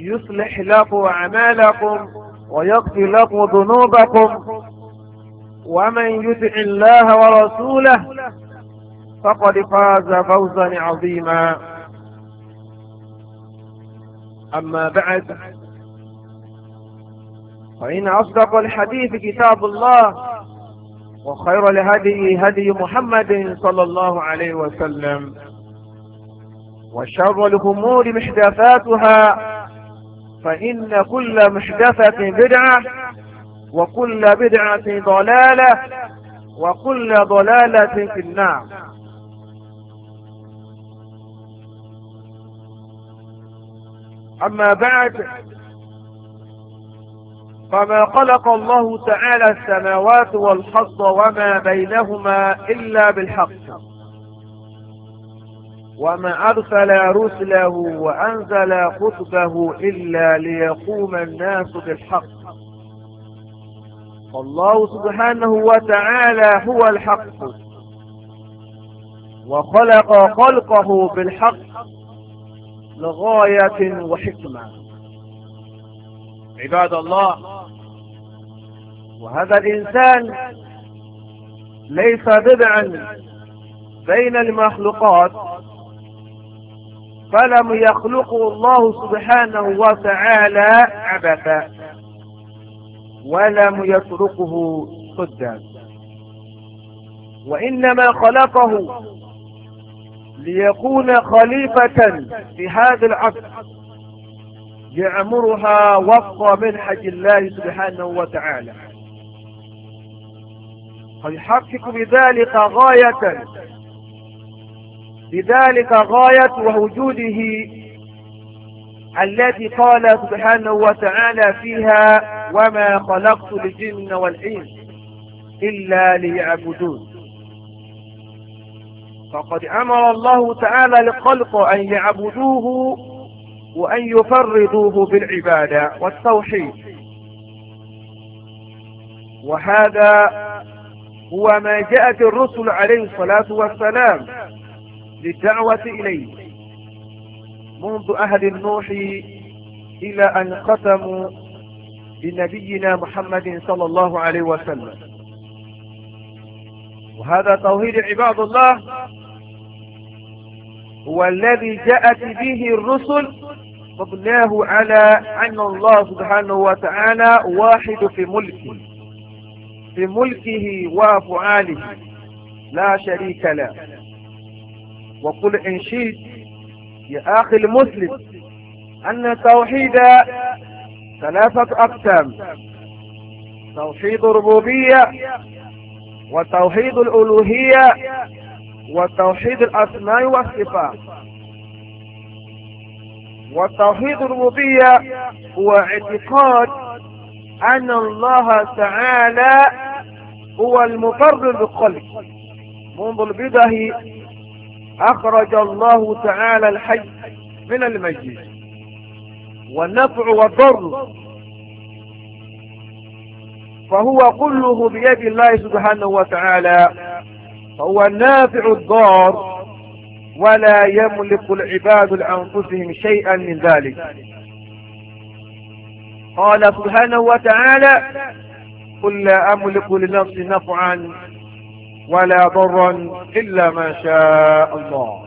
يصلح لكم أعمالكم ويغفر لكم ذنوبكم ومن يطع الله ورسوله فقد فاز فوزا عظيما أما بعد فإن أصدق الحديث كتاب الله وخير لهدي هدي محمد صلى الله عليه وسلم وشر الأمور محدثاتها فإن كل محدثة بدعة وكل بدعة ضلالة وكل ضلالة في النار أما بعد فما خلق الله تعالى السماوات والحظ وما بينهما إلا بالحق وما أرسل رسله وأنزل خطبه إلا ليقوم الناس بالحق فالله سبحانه وتعالى هو الحق وخلق خلقه بالحق لغاية وحكمة عباد الله وهذا الإنسان ليس بدعا بين المخلوقات فلم يخلقه الله سبحانه وتعالى عبثا ولم يتركه صدا وإنما خلقه ليكون خليفة في هذا العصر يعمرها وفق منهج الله سبحانه وتعالى فيحقق بذلك غاية لذلك غاية وجوده التي قال سبحانه وتعالى فيها وما خلقت الجن والعين إلا ليعبدون فقد أمر الله تعالى للخلق أن يعبدوه وأن يفردوه بالعبادة والتوحيد وهذا هو ما جاءت الرسل عليه الصلاة والسلام للدعوة إليه منذ أهل النوح إلى أن ختموا بنبينا محمد صلى الله عليه وسلم وهذا توحيد عباد الله هو الذي جاءت به الرسل مبناه على أن الله سبحانه وتعالى واحد في ملكه في ملكه وأفعاله لا شريك له وقل إن شئت يا أخي المسلم أن التوحيد ثلاثة أقسام توحيد الربوبية وتوحيد الألوهية وتوحيد الأسماء والصفات والتوحيد الربوبية هو اعتقاد أن الله تعالى هو المفرد بالخلق منذ البداية أخرج الله تعالى الحي من الميت والنفع والضر فهو كله بيد الله سبحانه وتعالى فهو النافع الضار ولا يملك العباد لأنفسهم شيئا من ذلك قال سبحانه وتعالى قل لا أملك لنفسي نفعا ولا ضرا إلا ما شاء الله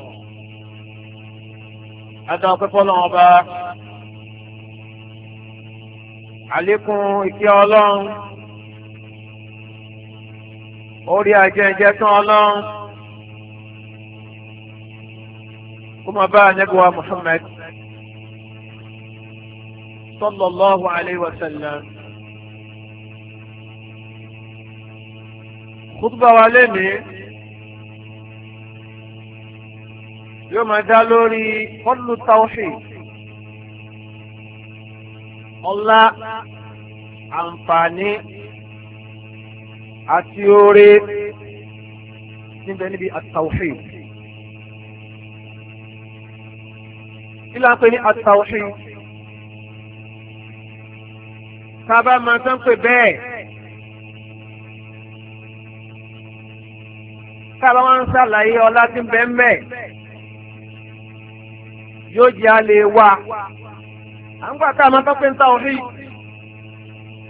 أتعطف العباء عليكم إكيا الله orí ajẹ́jẹ́ tán ọlọ́run kó máa bá anẹ́gbẹ̀wá Muhammad sallallahu alayhi wa sallam. kútùbà wa lénìí yóò máa dá lórí fọ́nlù tawhid ọlá àǹfààní àti oore níbẹ̀ níbi àtàwhid. kí la ń pè ní àtàwhid? tá máa tán pè bẹ́ẹ̀. bá wọn ń ṣàlàyé ọlá tí ń bẹ ń bẹ yóò jẹ́ a lè à ń gbà tá máa tọ́pẹ́ ń ta òfin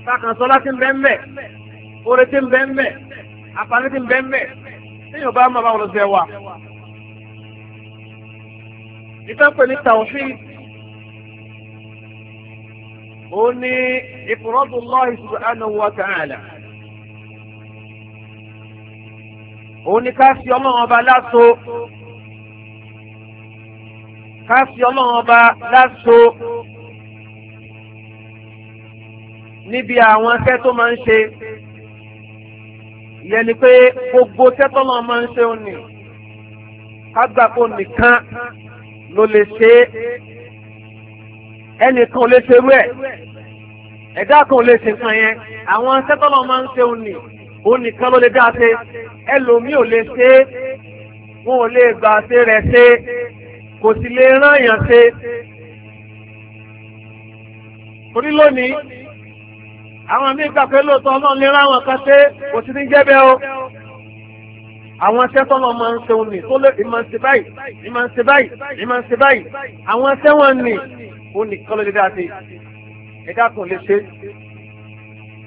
kákan sọlá tí ń bẹ ń bẹ oore tí ń bẹ ń bẹ àǹfààní tí ń bẹ ń bẹ téèyàn bá máa bá wọn lọ sẹ́ ìtọ́pẹ́ ní tàwọ́fíì ó ní ìfúrọ́dùn lọ́hìn subhanahu wa ta'ala. òun ni ká fi ọlọ́run ọba láso ká fi ọlọ́run ọba láso níbi àwọn iṣẹ́ tó máa ń ṣe ìyẹn ni pé gbogbo iṣẹ́ tọ́lọ́run máa ń ṣe òun ni ká gbà pé nìkan ló lè ṣe é ẹnìkan ò lè ṣerú ẹ̀ ẹ̀dá kan ò lè ṣe nǹkan yẹn àwọn iṣẹ́ tọ́lọ́run máa ń ṣe òun ni ó nìkan ló lè dá ṣe ẹlòmíì ò lè ṣe é wọn ò lè gbà ṣe rẹ̀ ṣe kò sì lè rán èèyàn ṣe. torí lónìí àwọn míì gbà pé lóòótọ́ ọlọ́run lè rán àwọn kan ṣe kò sì ní jẹ́ bẹ́ẹ̀ o àwọn aṣẹ́ tọ́lọ́ máa ń ṣe òní tó lé ìmọ̀ ṣe báyìí ìmọ̀ ṣe báyìí ìmọ̀ ṣe báyìí àwọn aṣẹ́ wọn nì ó nìkan ló lè dá ẹ̀dá kan lè ṣe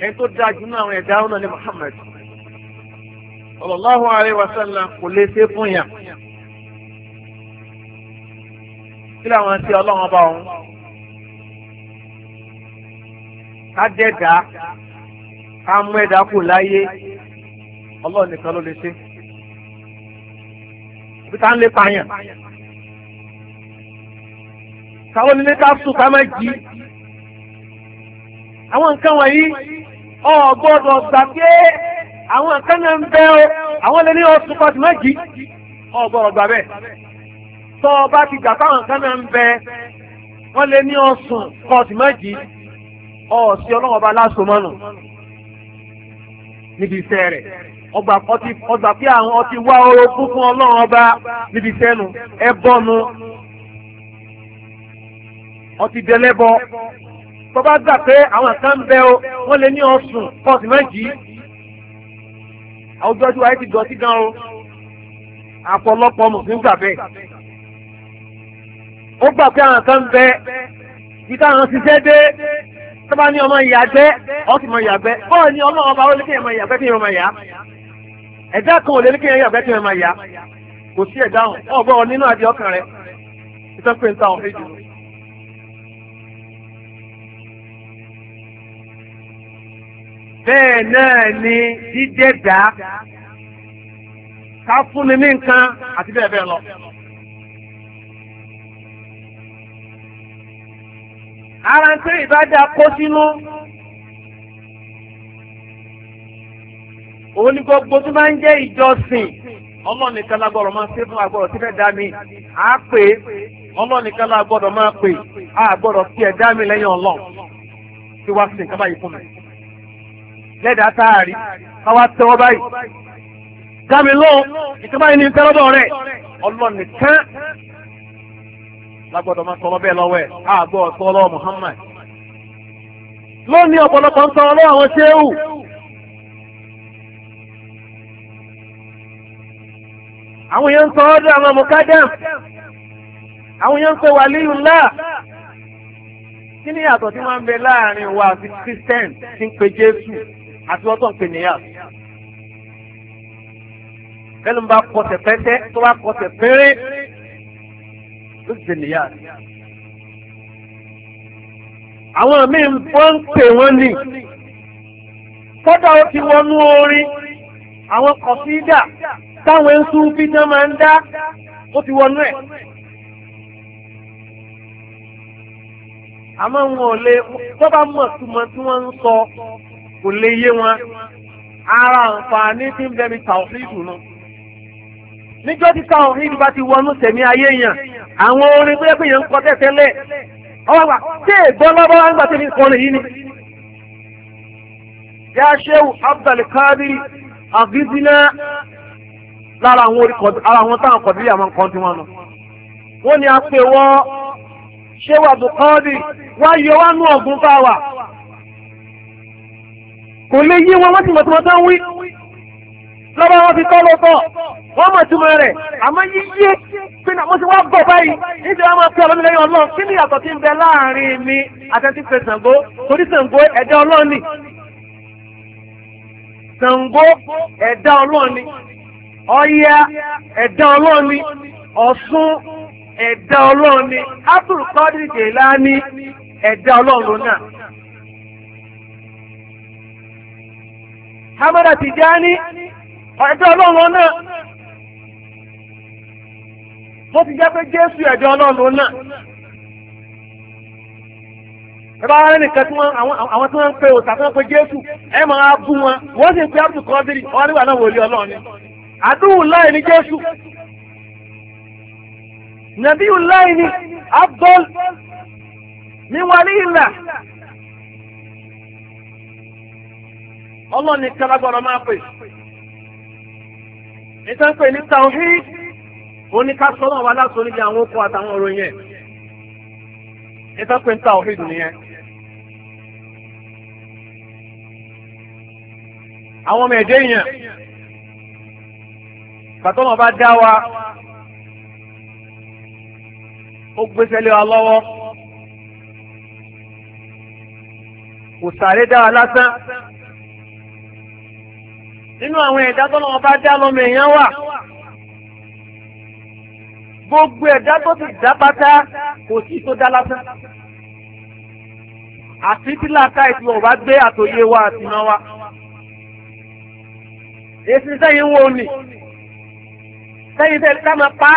ẹni tó dáa jù náà àwọn ẹ̀dá ọ̀nà Muhammed. Muhammad sallallahu wa wasallam kò lè ṣe fún yàn kí làwọn ti ọlọ́wọ́n bá òun ká dẹ́dàá ká mú ẹ̀dá kù láyé ọlọ́run nìkan ló lè ṣe bí ká ń lé pààyàn káwọn nílé ká sùn ká má jí àwọn nǹkan wọ̀nyí. ọ gbọ́dọ̀ àwọn nǹkan ń bẹ́ ọ àwọn lè ní ọ bọrọ tọ́ ọ bá ti gbà fáwọn nǹkan ń bẹ wọ́n lè ní ọ̀sùn kọ́ọ̀tù méjì ọ̀sì ọlọ́wọ́ bá láṣọ mọ́nù níbi iṣẹ́ rẹ̀ ọgbà pé àwọn ọtí wá nu ẹ bọ́nu ọtí tó bá gbà pé àwọn kan bẹ o wọ́n lè ní ọ̀sùn pọ́ọ̀sì méjì àwùjọ tí wàá ti dọ̀tí gan o àpọ̀lọpọ̀ mùsùlùmí gbà bẹ́ẹ̀ ó gbà pé àwọn kan bẹ ibi táwọn ṣiṣẹ́ dé tó bá ní ọmọ ìyàgbẹ́ ọ̀sìn mọ ìyàgbẹ́ bọ́ọ̀ ni ọlọ́run ọba ó lé kéèyàn mọ ìyàgbẹ́ kéèyàn mọ ìyá ẹ̀dá kan ò lè ní kéèyàn yàgbẹ́ kéèyàn mọ ìyá kò sí ẹ̀dá ọ̀gbọ́n nínú àdìọ́kàn rẹ̀ ìtọ́pẹ́ ń ta ọ̀hún bẹ́ẹ̀ náà ni dídẹ́dá ká fúnni ní nǹkan àti bẹ́ẹ̀ bẹ́ẹ̀ lọ. ara ń pé ìbádá kó sínú òun ni gbogbo tó máa ń jẹ́ ìjọsìn ọlọ́nìkan lágbọ́dọ̀ máa ṣe fún agbọ́dọ̀ tí fẹ́ dá mi á pè é ọlọ́nìkan lágbọ́dọ̀ máa pè tí dá mi lẹ́yìn tí wàá fún mi. lẹ́dàá táàrí káwá tẹ́wọ́ báyìí kámi lóhùn ìkẹ́bá yìí ní tẹ́lọ́dọ̀ rẹ̀ ọlọ́nìkan lágbọ́dọ̀ máa tọrọ bẹ́ẹ̀ lọ́wọ́ ẹ̀ Muhammad lónìí ọ̀pọ̀lọpọ̀ ń tọrọ lọ́wọ́ àwọn ṣéwù àwọn èèyàn ń sọ ọ́dọ̀ àwọn mukadam àwọn èèyàn ń sọ waliyullah kí ni yàtọ̀ tí wa àti wọ́n tó ń pè nìyà. bẹ́ẹ̀ ló ń bá kọsẹ̀ pẹ́tẹ́ tó bá kọsẹ̀ péré ló ti pè nìyà. àwọn míì wọ́n ń pè wọ́n ní kọ́dà ó ti wọnú orin àwọn kọ̀sídà táwọn ẹ̀ńsú bí náà máa ń dá ó ti wọnú ẹ̀. àmọ́ wọn ò lè tó bá mọ̀ túmọ̀ tí wọ́n ń sọ kò lè yé wọn ara àǹfààní tí ń bẹ̀rẹ̀ tàwọ́fíìdù náà níjọ́ tí tàwọ́fíìdù bá ti wọnú tẹ̀mí ayé yàn àwọn orin tó yẹn ń kọ tẹ́tẹ́lẹ̀ ọwọ́ gbà tí ègbọ́n lọ́bọ́ wá gbà tẹ́mi kọrin yìí ni. yá ṣéwù abdulkadir agidina lára àwọn orí ara àwọn táwọn kọ̀dírí àwọn kan tí wọ́n lọ. wọ́n ní a ṣéwù abdulkadir wá yọ wá nú fáwà kò lè yí wọn wọ́n ti mọ̀tọ́mọ́ tó ń wí lọ́wọ́ wọn fi tọ́ lọ́tọ̀ wọ́n mọ̀ túmọ̀ rẹ̀ àmọ́ yíyé pé náà mo ti wá bọ̀ báyìí níbi wọn máa fi ọlọ́mi lẹ́yìn ọlọ́run kí ni ìyàtọ̀ ti ń bẹ láàrin mi àtẹ̀tí pé Ṣàngó torí Ṣàngó ẹ̀dá ọlọ́run ni ẹ̀dá ọlọ́run ni ẹ̀dá ọlọ́run ni ẹ̀dá ọlọ́run ni Abdul Qadir ẹ̀dá ọlọ́run hamada tijani ẹ̀dọ́ ọlọ́run náà tó ti jẹ́ pé jésù ẹ̀dọ́ ọlọ́run náà ẹ̀bá Ebe nìkan tí wọ́n àwọn tí wọ́n ń pe òòtà tí wọ́n pe jésù ẹ̀ máa bú wọn wọ́n sì ń pe abdul kọ́dírì wọ́n nígbà náà wòlíì ọlọ́run ni àdúhù láì ní ọlọ́run nìkan lágbọ́dọ̀ máa pè ní tawhid ní náà láti oníbi àwọn oko àtàwọn ọ̀rọ̀ yẹn nítorí pé ní tawhid nìyẹn. àwọn ọmọ ẹ̀dẹ́ yẹn pàtọ́mọ̀ bá dá wa ó wa lọ́wọ́ kò sáré wa lásán. nínú àwọn ẹ̀dá tó lọ́wọ́ bá dá lọ́mọ èèyàn wà gbogbo ẹ̀dá tó ti dá pátá kò sí tó dá lásán àti tí làákà ìtì ọ̀bá gbé àtòyé wa àti iná wa èsì sẹ́yìn wo ni sẹ́yìn sẹ́yìn ká máa pa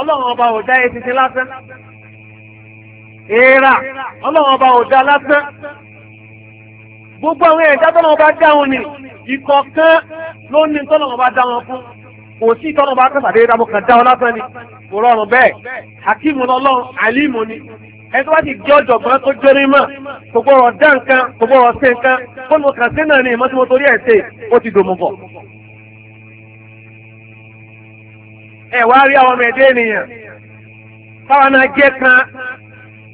ọlọ́run ọba ò dá èsì sí lásán èèrà ọlọ́run ọba ò dá lásán gbogbo àwọn ẹ̀dá tó lọ́wọ́ bá dá òun ni. ìkọ̀ọ̀kan ló ní tọ́lọ́mọ bá dá wọn fún kò sí tọ́lọ́mọ bá kẹsàdé kan dá wọn lásán ni kò rọrùn bẹ́ẹ̀ hakimu lọ́lọ́run alimu ni ẹni tó bá ti jẹ́ ọ̀jọ̀gbọ́n tó jẹ́rí mọ̀ kò gbọ́rọ̀ dá nǹkan kò gbọ́rọ̀ sí nǹkan kó ló kàn sí náà ni ìmọ̀ tí mo torí ẹ̀ ṣe ó ti dòmù bọ̀. ẹ wá rí àwọn ọmọ ènìyàn táwọn náà jẹ́ kan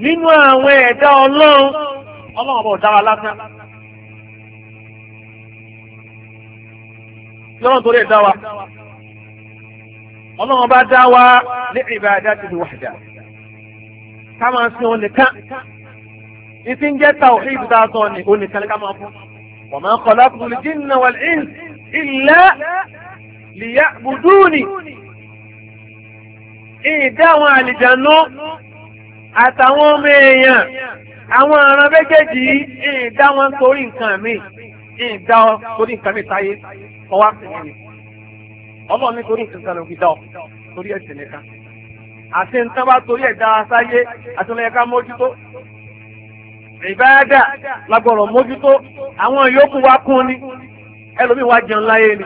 nínú tí ọlọ́run torí ẹ̀ dá wa ọlọ́run bá dá wa ní ibadatihi wahda ká máa sin òun nìkan ìfi ń jẹ́ tawhid tá a sọ ni òun nìkan ká máa fún wa ma khalaqtul jinna wal insa illa liya'buduni ìdá àwọn àlìjànú àtàwọn ọmọ èèyàn àwọn ọ̀ràn méjèèjì ìdá wọn torí nǹkan mi ìdá torí nǹkan mi táyé ọwọ́ àti wọn ni ọlọ́run nítorí nǹkan kan ló fi dá ọ torí ẹ̀sìn nìkan àti nǹkan bá torí ẹ̀dá sáyé àti ọlọ́yẹ ká mójútó ìbáyádà lágbọ̀rọ̀ mójútó àwọn yòókù wa kún ni ẹlòmíì wa jẹun láyé ni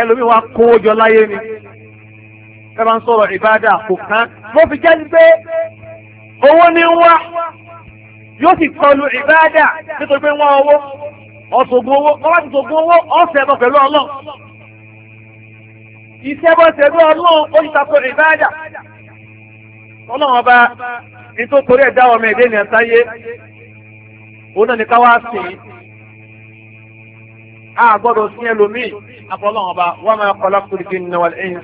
ẹlòmíì wa kówó jọ láyé ni ẹ bá ń sọ̀rọ̀ ìbáyádà kò kán mo fi jẹ́ pé owó ni ń wá yóò sì kọlu ìbáyádà nítorí pé ń wá owó ọ̀sọ̀gun owó ọba ti sọ̀gun owó ọ̀sẹ̀ ẹ̀bọ̀ pẹ̀lú ọlọ́run iṣẹ́ bọ́ pẹ̀lú ọlọ́run ó ti tako ìbáàdà ọlọ́run ọba nítorí ẹ̀dá ọmọ ẹ̀dẹ́ ènìyàn sáyé òun náà ní ká wá sí i a gbọ́dọ̀ sí ẹlòmíì àfọlọ́run ọba wọ́n máa kọ́ lákùrú kí nínú wa lẹ́yìn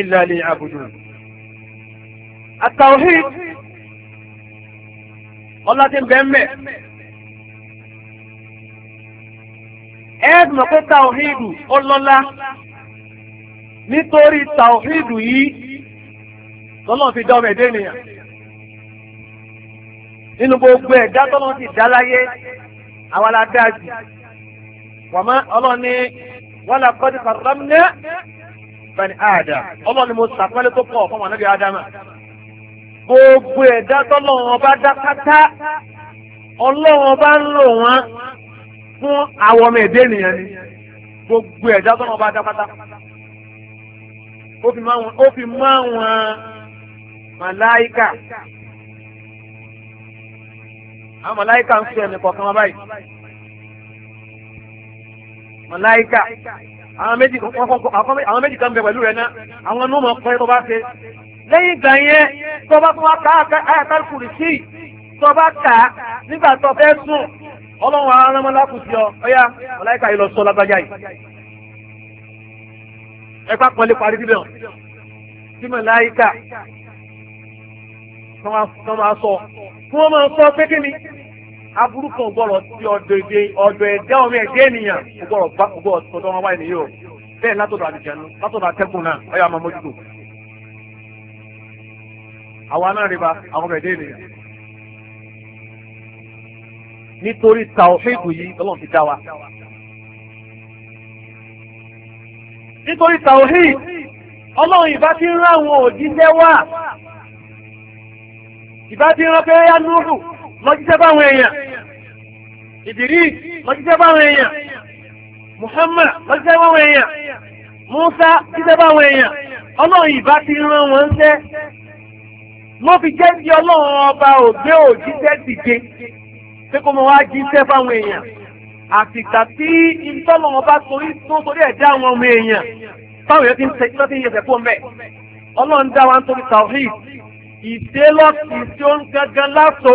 ilẹ̀ ilẹ̀ àbùdù. àtàwọn ọlá bẹ́ẹ̀ mẹ́ẹ̀. ẹ̀ẹ́dùn pé tàwíìdù ó lọ́lá nítorí tàwíìdù yìí lọ́lọ́n fi dọ́mọ̀ ẹ̀dẹ́ ènìyàn nínú gbogbo ẹ̀dá tọ́lọ́n ti dá láyé àwa la dá jù wàmọ́ ọlọ́ni wọ́n la kọ́ ní kàrámẹ́ bani àdá ọlọ́ni mo sàpẹ́lẹ́ tó pọ̀ fún wọn níbi ádámà gbogbo ẹ̀dá tọ́lọ́n ọba dá pátá ọlọ́run ọba ń lò wọ́n fún àwọn ọmọ èdè ènìyàn ni gbogbo ẹ̀dá tó wọn bá dá pátá ó fi mọ́ àwọn màláìkà àwọn màláìkà ń sọ ẹnì kọ̀ọ̀kan wọn báyìí màláìkà àwọn méjì àwọn méjì kan bẹ pẹ̀lú rẹ̀ náà àwọn ní ọmọ ọkọ yẹn tó bá ṣe lẹ́yìn ìgbà yẹn tó bá tó wá ká àyàkálùkù rì sí tó bá kà á nígbà tó fẹ́ sùn. ọlọ́run arámọ́lá kù sí ọ ọyá ọláìka yìí lọ sọ lágbájá yìí ẹ pa parí bíbẹ̀ máa sọ wọ́n máa sọ pé kí ni ọmọ ẹ̀dá ènìyàn gbọ́dọ̀ tọ́tọ́ wọn wáyé nìyí o bẹ́ẹ̀ látọ̀dọ̀ àdìjẹ́nu látọ̀dọ̀ àtẹ́kùn náà ọ̀yà máa mójútó àwa náà rí ba àwọn ọmọ ènìyàn. nítorí tàwọ́fíìdù yìí ọlọ́run ti dá wa. nítorí tàwọ́fíìdù ọlọ́run ìbá ti rán àwọn òjíṣẹ́ wá ìbá ti rán pé yá lọ́jíṣẹ́ báwọn èèyàn ìdìrí lọ́jíṣẹ́ báwọn èèyàn Muhammad lọ́jíṣẹ́ báwọn èèyàn Musa jíṣẹ́ báwọn èèyàn ọlọ́run ìbá ti rán wọn ń ló fi jẹ́ kí ọlọ́run ọba ògbé òjíṣẹ́ dìde pé kó mo wá jíṣẹ́ fáwọn èèyàn àtìgbà tí ìtọ́lọ́wọ́n bá torí tó torí ẹ̀ dá àwọn ọmọ èèyàn táwọn èèyàn ti ń tẹ́jú lọ́tí ìyẹ̀fẹ̀ fún mẹ́ ọlọ́run dá wa nítorí tawhid ìdélọ́tì tí ó ń gangan láso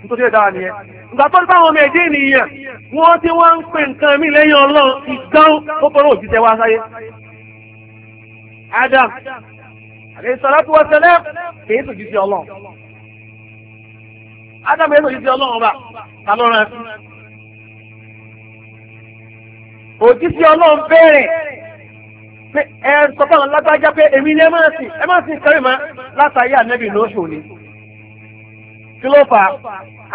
nítorí ẹ̀ dára nìyẹn ìgbà tó ń bá àwọn ọmọ ẹ̀dẹ́ ènìyàn wọ́n ti wá ń pè nǹkan mí lẹ́yìn ọlọ́run ìgbọ́n ó bọ́rọ̀ òjíṣẹ́ wa sáyé Adam àlẹ́ ìsọ̀rọ̀ tó wọ́n tẹ́lẹ̀ kì í sòjú sí ọlọ́run ádámù yẹn lòdì sí ọlọ́run bá ta ló rán òdì sí ọlọ́run bẹ̀rẹ̀ pé ẹ sọ fún àwọn lágbájá pé èmi ni ẹ máa sìn ẹ máa sìn kẹrìmá látàrí ànẹ́bì nùsù ni kí ló fà á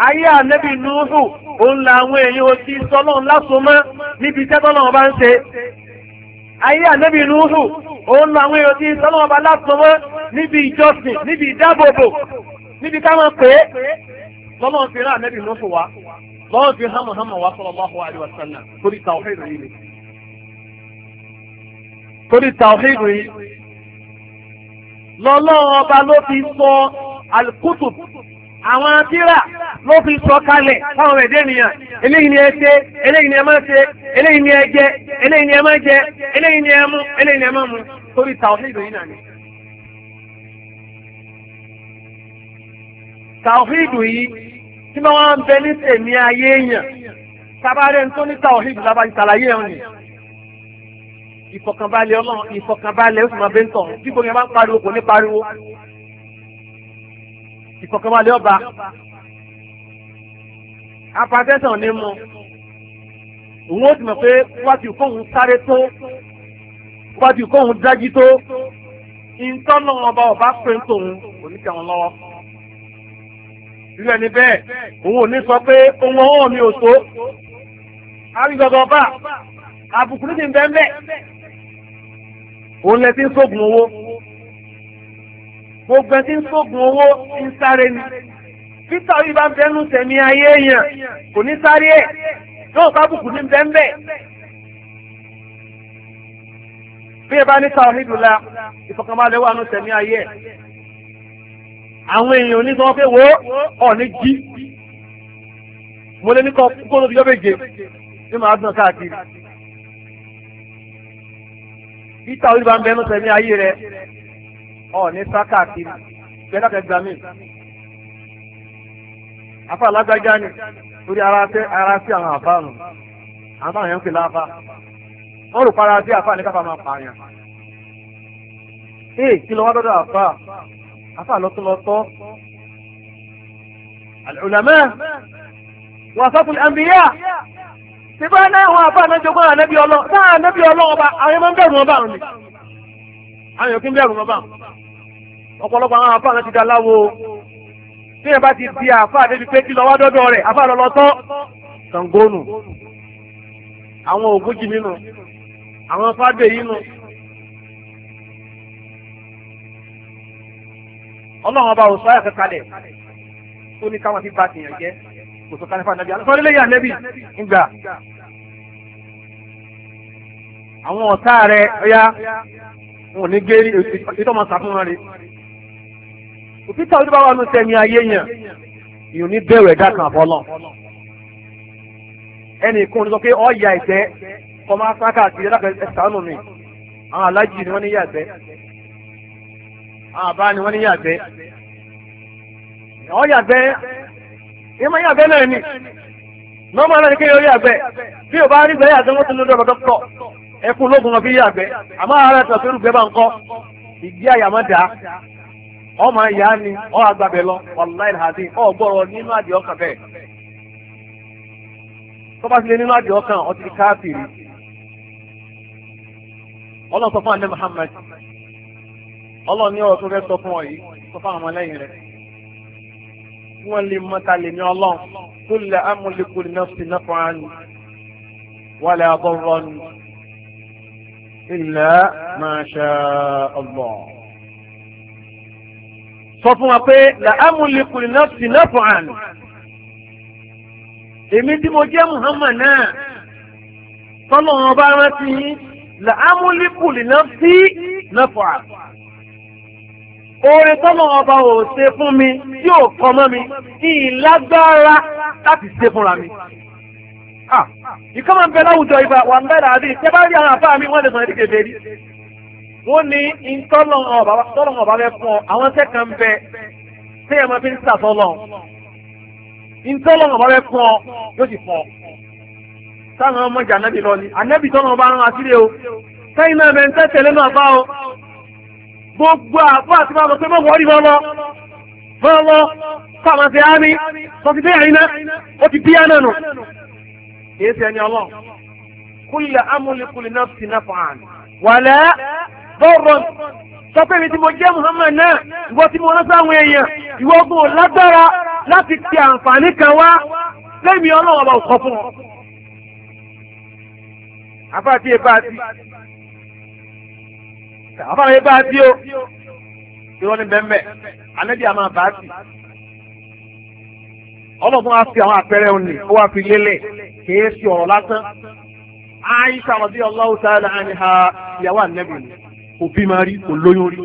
ayé ànẹ́bì nùsù òun làwọn èèyàn òdì sọlọ́run lásán mọ́ níbi tẹ́tọ́lọ́run bá ń ṣe ayé ànẹ́bì nùsù òun làwọn èèyàn òdì sọlọ́run bá lásán mọ́ níbi ìjọsìn níbi ìdáàbòbò níbi ká máa pè é lọ́lọ́run ti rán ànábì lóṣù wa lọ́lọ́run ti wa sallallahu wa sallam torí tawhid yìí ni torí tawhid yìí lọ́lọ́run ọba ló fi sọ al àwọn ló fi sọ kalẹ̀ fáwọn ẹ̀dẹ́ nìyàn eléyìí ni ẹ ṣe eléyìí ni ẹ máa ṣe eléyìí ni ẹ jẹ eléyìí ni tàwíìdù yìí tí wọ́n wá ń bẹ ní tèmi ayé èèyàn sábàárẹ̀ tó ní tàwíìdù lábàájú ṣàlàyé ẹ̀ ni ìfọ̀kànbalẹ̀ ọlọ́run ìfọ̀kànbalẹ̀ ó sì máa bẹ ń tàn bí gbogbo yẹn bá ń pariwo kò ní pariwo ìfọ̀kànbalẹ̀ ọba apatẹ́sàn ni mu òun ó ti mọ̀ pé wájú kóhun sáré tó wájú kóhun dájú tó ìtọ́nà ọba ọba pé ń kò ní kẹwọn lọ́wọ́ irú ẹni bẹ́ẹ̀ òun ò ní sọ pé ohun ọwọ́ mi ò tó àrígbọ̀gbọ̀ ọba àbùkù ní ti ń bẹ́ẹ̀ bẹ́ẹ̀ òun lẹ ti ń sóògùn owó gbogbo ẹ ti ń sóògùn owó ń sáré ni títà yìí bá bẹ́ẹ̀ nù tẹ̀mí ayé èèyàn kò ní sáré ẹ̀ yóò sábùkù ní bẹ́ẹ̀ bẹ́ẹ̀ bí ẹ bá ní sáwọn nídùúlá ìfọkànbalẹ̀ wà nù tẹ̀mí ayé ẹ̀. àwọn èèyàn ní sọ pé wo ọ̀ní jí mo lé ní kó ló ní màá dùn káàkiri peter olúwa ń bẹnu tẹ̀mí ayé rẹ ọ̀ní sá káàkiri pẹ̀lú àkẹ́gbà afa alágbájá ni torí ara sí ara sí àwọn àfa nù àwọn àyàn ń pè láfa wọ́n rò para sí àfa ee kí ló wá dọ́dọ̀ àfa afá lọ́tọ́lọ́tọ́ alùlámẹ́ wà sọ́kùn àmbíyá tí bá náà wọn afá náà jogún ànábì ọlọ́ sáà ànábì ọlọ́ ọba àwọn ẹmọ ń bẹ̀rù ọba òní àwọn yòókù ń bẹ̀rù ọba ọ̀pọ̀lọpọ̀ àwọn afá náà ti dá láwo tí ẹ bá ti di afá débi pé kí lọ wá dọ́dọ̀ rẹ̀ afá lọ́lọ́tọ́ kàngónù àwọn ògúnjì nínú àwọn fádé yìí nù ọlọ́run ọba ya ayọ̀ kẹkàlẹ̀ ó ní káwọn fi bá tèèyàn jẹ́ kò sọ kánífà nàbí ńgbà àwọn ọ̀tá rẹ̀ ọ̀yá wọn ní gé ìtọ́ máa sàfún wọn rè òpítà oníbà wà nù ní ẹ̀dá kan àfọlọ́ ẹnì kan ní sọ pé ìtẹ́ ẹ̀dá kan àwọn ni wọ́n ní àbá ah, ni wọ́n ní yàgbẹ́ ọ̀ yàgbẹ́ ìmọ̀ yàgbẹ́ náà ni nọ́ọ̀mù náà ni kí yóò yàgbẹ́ bí o bá rí gbẹ́ yàgbẹ́ wọ́n nke lọ́dọ̀ ọ̀dọ́ pọ̀ ẹkùn lóògùn wọn fi yàgbẹ́ àmọ́ ara tó tó rúgbẹ́ bá ń kọ́ ìdí àyà má dá ọmọ ìyá ni ọ àgbàbẹ lọ wàlúwàlá ìhàdí ọ gbọrọ nínú àdì ọkàn bẹ́ẹ̀ tó bá ti lé nínú àdì ọkàn ọ ti káàpì rí ọlọ́sọ fún ọlọ́run ní ọ̀rọ̀ tó fẹ́ sọ fún ọ yìí sọ fún àwọn ọmọlẹ́yìn rẹ̀ kí wọ́n lè mọ ta lè ní ọlọ́run tó lè amúlẹ́kù ní nọ́ọ̀sì náà fún àánú wọ́n lè abọ́rọ́ ni ilẹ̀ máa ṣe ọ̀gbọ̀. sọ fún wa pé lè amúlẹ́kù ní nọ́ọ̀sì náà fún àánú èmi tí mo jẹ́ Muhammad náà tọ́lọ́run ọba rántí lè amúlẹ́kù ní nọ́ọ̀sì náà fún àánú oore tọ́lọ̀ ọba ò ṣe fún mi tí ò kọ mọ́ mi kí ìlágbára láti ṣe fúnra mi. ìkọ́mọ̀ ń bẹ láwùjọ ìbá wà ń bẹ̀rẹ̀ àbí ìṣẹ́ bá rí àwọn àbá mi wọ́n lè sàn ìdíje lérí. wọ́n ní tọ́lọ̀ ọba fẹ́ fún ọ àwọn iṣẹ́ kan bẹ tí ẹ̀ máa fi ń sàtọ́lọ̀ ìtọ́lọ̀ ọba fẹ́ fún ọ yóò sì fún ọ. sáwọn ọmọ ìjà anábì lọ ni anábì tọ́lọ̀ ọba rán asílẹ̀ o sẹ́yìn náà bẹ ń tẹ́tẹ̀lé náà bá o gbogbo àfá àti máa lọ pé mọ́wọ́ rí mọ́lọ́ mọ́lọ́ káàmà sí ámì sọ ti bẹ́ẹ̀ iná ó ti bíyà náà nù kìí ṣe ẹni ọlọ́ kúlẹ̀ amúlikúlẹ̀ náà ti náà fún àná wàlẹ́ bọ́ọ̀rọ̀ sọ pé mi tí mo jẹ́ Muhammad náà ìwọ tí mo rán sáwọn èèyàn ìwọ ogun lágbára láti ti àǹfààní kan wá lẹ́mìí ọlọ́wọ́ ọba òkọ fún ọ. àbá àti èbá àti àfàwọn yẹn bá a bí o irọ́ ní bẹ́ẹ̀ mẹ́ anẹ́bí àmà bá a bì ọlọ́run wa fi àwọn àpẹẹrẹ òní ó wá fi lélẹ̀ kìí fi ọ̀rọ̀ lásán Aisha rọ̀bí ọlọ́run sáyẹ́lá àníhà ìyàwó ànẹ́bí ni kò bí máa rí kò lóyún rí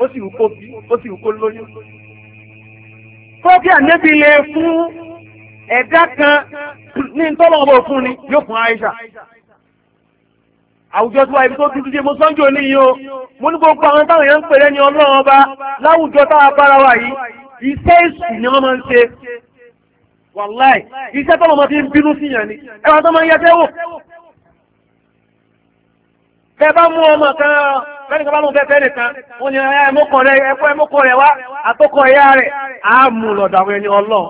ó sì wù kó bí ó sì wù kó lóyún. fọ́ọ̀kì ànẹ́bí lè fún ẹ̀dá kan ní ntọ́lọ́wọ́ fún ni yóò fún Aisha àwùjọ tí wà ibi tó dúdú dé mo sọ́njò ní yìí o mo ní gbogbo àwọn táwọn èèyàn ń pè lẹ́ni ọlọ́run ọba láwùjọ táwa bára wa yìí iṣẹ́ èṣù ni wọ́n máa ń ṣe wàláì iṣẹ́ tọ́lọ̀ máa fi ń bínú sí yàn ni ẹwà tó máa ń yẹtẹ́ wò tẹ bá mú ọmọ kan lẹ́nu kan bá lóun fẹ́fẹ́ nìkan wọ́n ní ẹmọ́kọ̀ rẹ̀ ẹ̀kọ́ ẹmọ́kọ̀ rẹ̀ wá ẹ̀yà rẹ̀ á ẹni ọlọ́run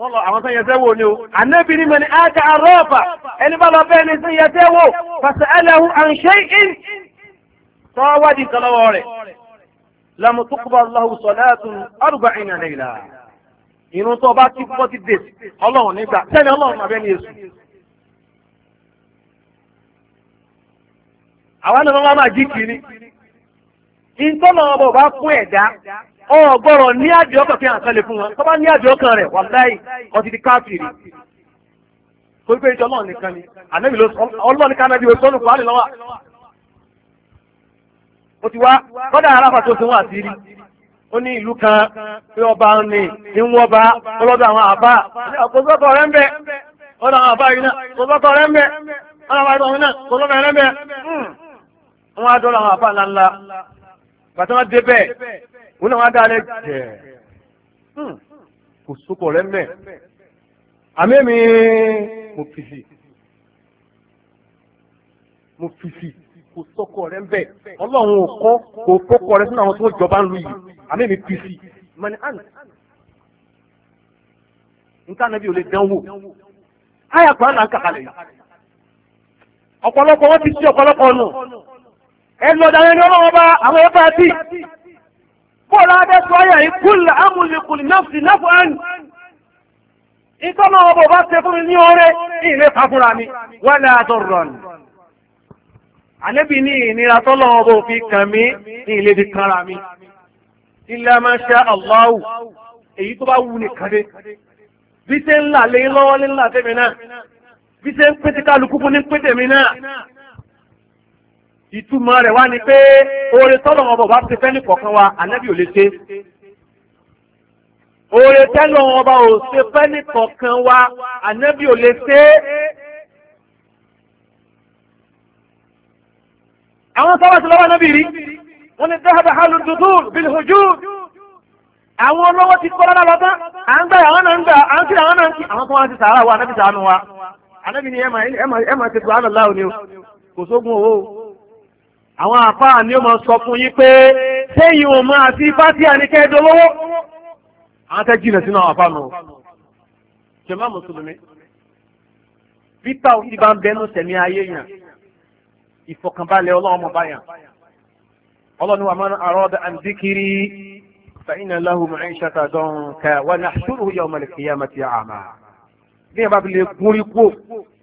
wọ́n lọ àwọn sẹ́yẹ sẹ́wò ni o. ànábì a mẹ́ni ájá arọ́ọ̀fà ẹni bá lọ bẹ́ẹ̀ ni sẹ́yẹ sẹ́wò fàṣẹ ẹlẹ́hu àǹṣe in tọ́wádìí kan lọ́wọ́ rẹ̀. lamu tukuba lahu sọláàtún ọdùgbà ìnà lẹ́yìnlá. irun tó bá ti fọ́tí dèsì ọlọ́run nígbà sẹ́ni ọlọ́run àbẹ́ni èṣù. àwọn ẹni wọn máa jí kiri. ìtọ́nà ọba ọgbọ́rọ̀ ní àdìọ́kàn fi hàn kalẹ̀ fún wọn tó bá ní àdìọ́kàn rẹ̀ wà láì ọtí ti káàkiri torí pé ìjọ náà nìkan ni ànábì ló sọ ọlọ́ọ̀ ní kánábì ló sọ́nù fún àlélọ́wà ó ti wá kọ́dà àti rí ó ní ìlú kan pé ọba ní ọlọ́dọ̀ àwọn àbá kò sọ́kọ̀ rẹ̀ òun náà wá dá alẹ́ jẹ́ kò sókò rẹ mẹ́ àmì mi mo fi sí mo fi kò sókò rẹ mbẹ́ ọlọ́run ò kọ́ kò kókò rẹ sínú àwọn tó jọba ń lu yìí àmì mi fi sí mani àn nǹkan nàbí ò lè dánwò àyà kan náà ń kàkàlẹ̀ yìí ọ̀pọ̀lọpọ̀ wọ́n ti sí ọ̀pọ̀lọpọ̀ nù ẹ lọ́dà lẹ́nu ọlọ́wọ́ bá àwọn ẹ̀fọ́ àti bóòlá adẹ́tọ́ ayà ìkúlẹ̀ amúlikùlì náfì náfàn ìtọ́nà ọbọ̀ bá ṣe fún mi ní ọrẹ́ ní ilé fàfúnra mi wọ́n lẹ́ àtọ̀rọ̀ ni àlébì ní ìnira tọ́lọ̀ ọbọ̀ fi kàn mí ní ilé fi kanra mi ilẹ̀ máa ṣe Allahu èyí tó bá wù ní kàdé bí ṣe ń là lọ́wọ́ ní ńlá náà bí ṣe ń pété ìtumọ̀ rẹ̀ wá ni pé oore tọ́lọ̀ ọba ọba o fẹ́ni kọ̀ọ̀kan wa ànábì ò lè ṣe oore ṣe kọ̀ọ̀kan wa ànábì ò lè ṣe àwọn sọ́wọ́ ti lọ́wọ́ ànábì rí wọ́n ní dáhàbà hàlù dúdú àwọn ti kọ́ lọ́dọ̀ à ń gbà àwọn ti sàárà wa ànábì sàánú wa ànábì ni àwọn àfáà ni ó máa sọ fún yín pé sẹ́yìn ò máa sí fásíà ní kẹ́ẹ̀dọ́ lọ́wọ́ àwọn tẹ́ jìnà sínú àwọn àfáà nù jàmá mùsùlùmí peter ó ti bá ń bẹnu sẹ̀mí ayé yàn ìfọ̀kànbalẹ̀ ọlọ́run ọba yàn ọlọ́run wa man arada an dhikri fa inna lahu ma'ishata danka wa nahshuruhu yawmal qiyamati a'ma bí yẹn bá fi lè gúnrí kú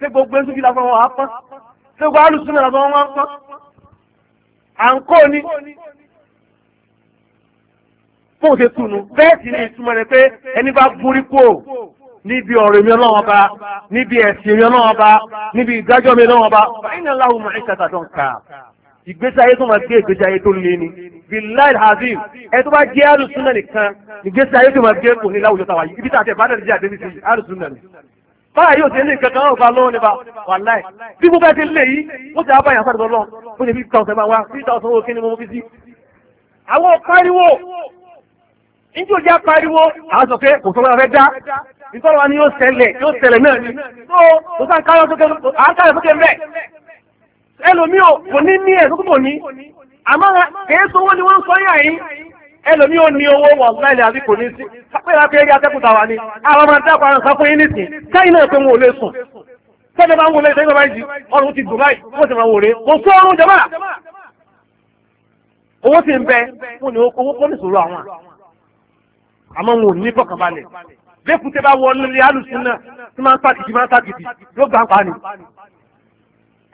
ṣé gbogbo ẹ̀sùn kìlá fún wọn á pọ́n ṣé gbogbo alùsùn náà fún wọn á pọ́n à ń kó ni fún òṣè tùnú bẹ́ẹ̀ sì ni ìtumọ̀ rẹ̀ pé ẹni bá borí kú ò níbi ọ̀rọ̀ mi ọlọ́wọ́n ba níbi ẹ̀sìn mi ọlọ́wọ́n ba níbi ìdájọ́ mi ọlọ́wọ́n ba fàyínà láwùn mọ̀ ẹ́kàtà tó ń kà ìgbésí ayé tó máa gbé ìgbésí ayé tó lé ni bilail hazim ẹ tó bá jẹ́ alùsùn náà nìkan ìgbésí ayé tó máa gbé kò ní láwùjọ tàwa yìí ibi tàbí ẹ̀ bá dẹ̀ bára yóò ti lé nǹkan kan ọ̀fà lọ́wọ́ nípa wàláì bí mo bá ti lé yìí mo ti àbáyà sáré lọ́wọ́ mo lè fi ta ọ̀sẹ̀ máa wá fi ta ọ̀sẹ̀ owó kí ni mo fi sí. àwọn pariwo níjú òjá pariwo àwọn sọ pé kò sọ́wọ́ fẹ́ dá nítorí wa ni yóò ṣẹlẹ̀ yóò ṣẹlẹ̀ náà ni tó kò sáà káyọ̀ sókè à ń káyọ̀ sókè mbẹ́ ẹlòmíì kò ní ní ẹ̀ sókè mò ní àmọ́ kèé sọ owó ni wọ́n ń sọ yà yín ẹlòmí ò ní owó wọ̀ láìlẹ̀ àbí kò ní sí pẹ́lá pé eré atẹ́kùtà wà ní àwọn ọmọ dápọ̀ àrùn sáfún yín nìsín káyínà pé wọn ò lè sùn sẹ́ni máa ń wọlé ìṣẹ́yìn bàbá yìí ọrùn ti dùn báyìí wọ́n sì máa wòrè kò sí ọrùn jọba owó sì ń bẹ wọn ni owó kọ́ nìṣòro àwọn àmọ́ wọn ò ní fọkànbalẹ̀ lẹ́kùn tẹ́ bá wọ nílé alùsùn náà tí máa ń sàkìtì máa ń sàkìtì yóò gbà ń pa ni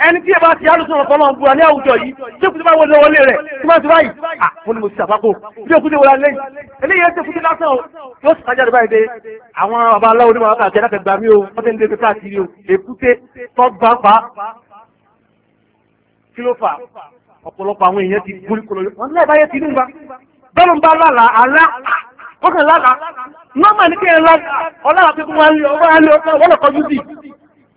ẹni tí ẹ bá ti yálùsùn ọ̀fọ́ máa ń búra ní àwùjọ yìí tí òkúta bá wọlé wọlé rẹ̀ tí máa ń tura yìí àfún ni mo ti ṣàpapọ̀ bí òkúta wọlé lẹ́yìn eléyìí ẹsẹ̀ òkúta lásán o yóò sì tajà dùbáyìí dé àwọn bàbá aláwo ní bàbá àti ẹ̀dáfẹ́ gbà mí o wọ́n ti ń dẹ́gbẹ́ káàkiri o èkúté tọ́gbà pa kí ló fà ọ̀pọ̀lọpọ̀ àwọn èèyàn ti gúrí kọlọ wọn náà báyẹ̀ ti nígbà bẹ́ẹ̀ ń bá lálàá alá ọkàn lálàá nọ́ọ̀mà ní kí ẹ lálàá ọlọ́run àti kí wọ́n á lé ọkọ̀ wọ́n lọ́kọ̀ yúdì